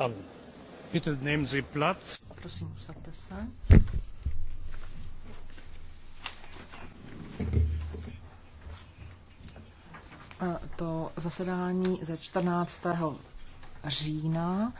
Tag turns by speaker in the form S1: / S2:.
S1: an. Bitte nehmen Sie Platz. Prosím, usaďte se.
S2: To zasedání ze 14. října